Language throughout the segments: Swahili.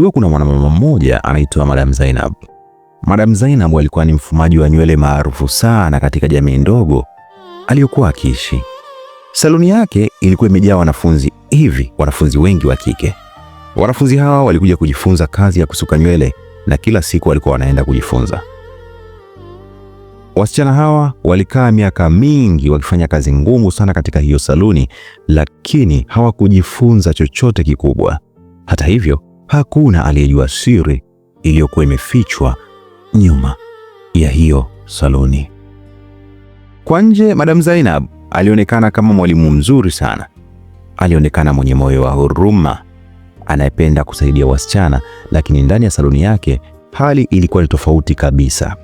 Kulikuwa kuna mwanamama mmoja anaitwa Madam Zainab. Madam Zainab alikuwa ni mfumaji wa nywele maarufu sana katika jamii ndogo aliyokuwa akiishi. Saluni yake ilikuwa imejaa wanafunzi hivi, wanafunzi wengi wa kike. Wanafunzi hawa walikuja kujifunza kazi ya kusuka nywele na kila siku walikuwa wanaenda kujifunza. Wasichana hawa walikaa miaka mingi wakifanya kazi ngumu sana katika hiyo saluni, lakini hawakujifunza chochote kikubwa. Hata hivyo Hakuna aliyejua siri iliyokuwa imefichwa nyuma ya hiyo saluni. Kwa nje, Madam Zainab alionekana kama mwalimu mzuri sana. Alionekana mwenye moyo wa huruma, anayependa kusaidia wasichana, lakini ndani ya saluni yake hali ilikuwa ni tofauti kabisa.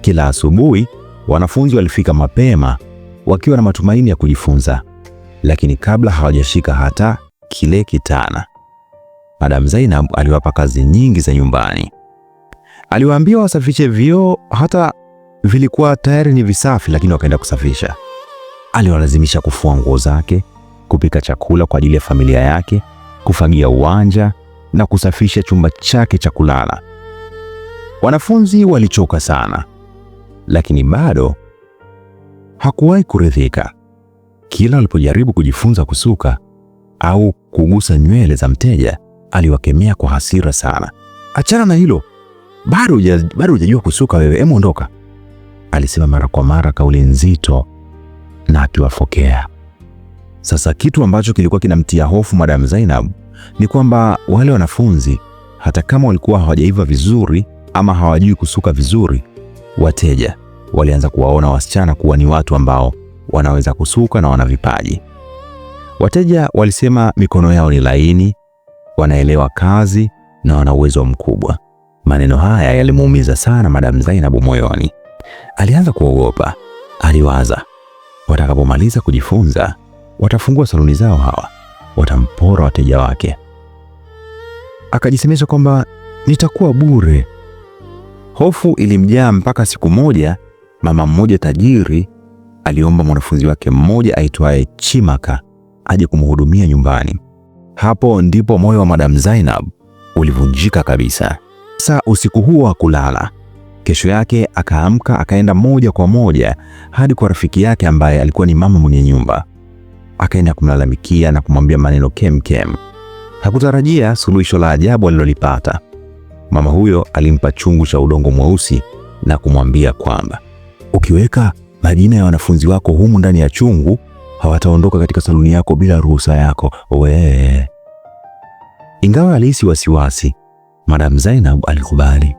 Kila asubuhi wanafunzi walifika mapema wakiwa na matumaini ya kujifunza, lakini kabla hawajashika hata kile kitana, Madam Zainab aliwapa kazi nyingi za nyumbani. Aliwaambia wasafishe vioo, hata vilikuwa tayari ni visafi, lakini wakaenda kusafisha. Aliwalazimisha kufua nguo zake, kupika chakula kwa ajili ya familia yake, kufagia uwanja na kusafisha chumba chake cha kulala. Wanafunzi walichoka sana, lakini bado hakuwahi kuridhika. Kila walipojaribu kujifunza kusuka au kugusa nywele za mteja, aliwakemea kwa hasira sana. Achana na hilo, bado bado hujajua kusuka wewe, hebu ondoka, alisema mara kwa mara, kauli nzito na akiwafokea. Sasa kitu ambacho kilikuwa kinamtia hofu Madam Zainab ni kwamba wale wanafunzi hata kama walikuwa hawajaiva vizuri ama hawajui kusuka vizuri, wateja walianza kuwaona wasichana kuwa ni watu ambao wanaweza kusuka na wana vipaji. Wateja walisema mikono yao ni laini, wanaelewa kazi na wana uwezo mkubwa. Maneno haya yalimuumiza sana Madam Zainabu moyoni. Alianza kuogopa. Aliwaza, watakapomaliza kujifunza watafungua saluni zao, hawa watampora wateja wake. Akajisemesha kwamba nitakuwa bure. Hofu ilimjaa mpaka siku moja mama mmoja tajiri aliomba mwanafunzi wake mmoja aitwaye Chimaka aje kumhudumia nyumbani. Hapo ndipo moyo wa Madam Zainab ulivunjika kabisa. Saa usiku huo wa kulala Kesho yake akaamka akaenda moja kwa moja hadi kwa rafiki yake ambaye alikuwa ni mama mwenye nyumba, akaenda kumlalamikia na kumwambia maneno kemkem. Hakutarajia suluhisho la ajabu alilolipata. Mama huyo alimpa chungu cha udongo mweusi na kumwambia kwamba ukiweka majina ya wanafunzi wako humu ndani ya chungu hawataondoka katika saluni yako bila ruhusa yako we Ingawa alihisi wasiwasi, Madam Zainab alikubali.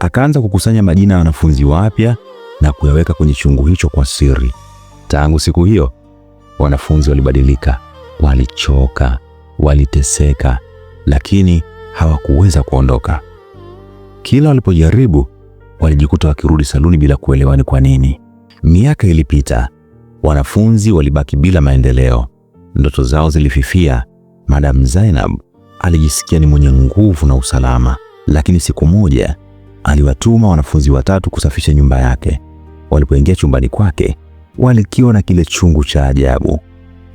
Akaanza kukusanya majina ya wanafunzi wapya na kuyaweka kwenye chungu hicho kwa siri. Tangu siku hiyo, wanafunzi walibadilika, walichoka, waliteseka, lakini hawakuweza kuondoka. Kila walipojaribu, walijikuta wakirudi saluni bila kuelewa ni kwa nini. Miaka ilipita Wanafunzi walibaki bila maendeleo, ndoto zao zilififia. Madam Zainab alijisikia ni mwenye nguvu na usalama, lakini siku moja aliwatuma wanafunzi watatu kusafisha nyumba yake. Walipoingia chumbani kwake, walikiona kile chungu cha ajabu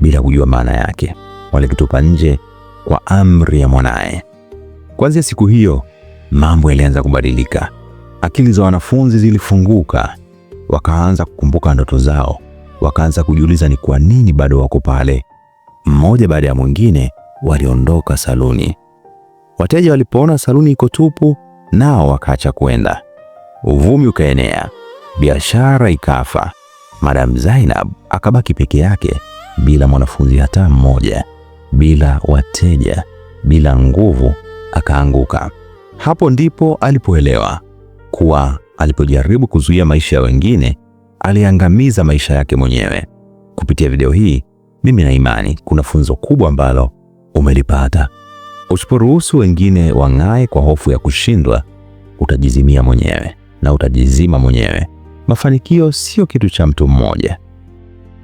bila kujua maana yake, walikitupa nje kwa amri ya mwanaye. Kuanzia siku hiyo mambo yalianza kubadilika. Akili za wanafunzi zilifunguka, wakaanza kukumbuka ndoto zao wakaanza kujiuliza ni kwa nini bado wako pale. Mmoja baada ya mwingine waliondoka saluni. Wateja walipoona saluni iko tupu, nao wakaacha kwenda. Uvumi ukaenea, biashara ikafa. Madam Zainab akabaki peke yake, bila mwanafunzi hata mmoja, bila wateja, bila nguvu, akaanguka. Hapo ndipo alipoelewa kuwa alipojaribu kuzuia maisha ya wengine aliangamiza maisha yake mwenyewe. Kupitia video hii, mimi na imani kuna funzo kubwa ambalo umelipata. Usiporuhusu wengine wang'ae kwa hofu ya kushindwa, utajizimia mwenyewe na utajizima mwenyewe. Mafanikio sio kitu cha mtu mmoja.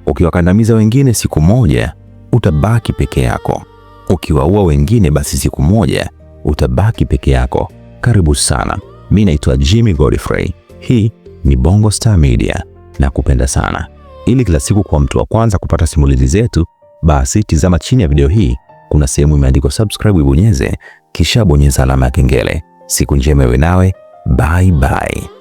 Ukiwakandamiza wengine, siku moja utabaki peke yako. Ukiwaua wengine, basi siku moja utabaki peke yako. Karibu sana. Mimi naitwa Jimmy Godfrey. Hii ni Bongo Star Media na kupenda sana. Ili kila siku kwa mtu wa kwanza kupata simulizi zetu, basi tizama chini ya video hii, kuna sehemu imeandikwa subscribe, ibonyeze, kisha bonyeza alama ya kengele. Siku njema iwe nawe, bye bye.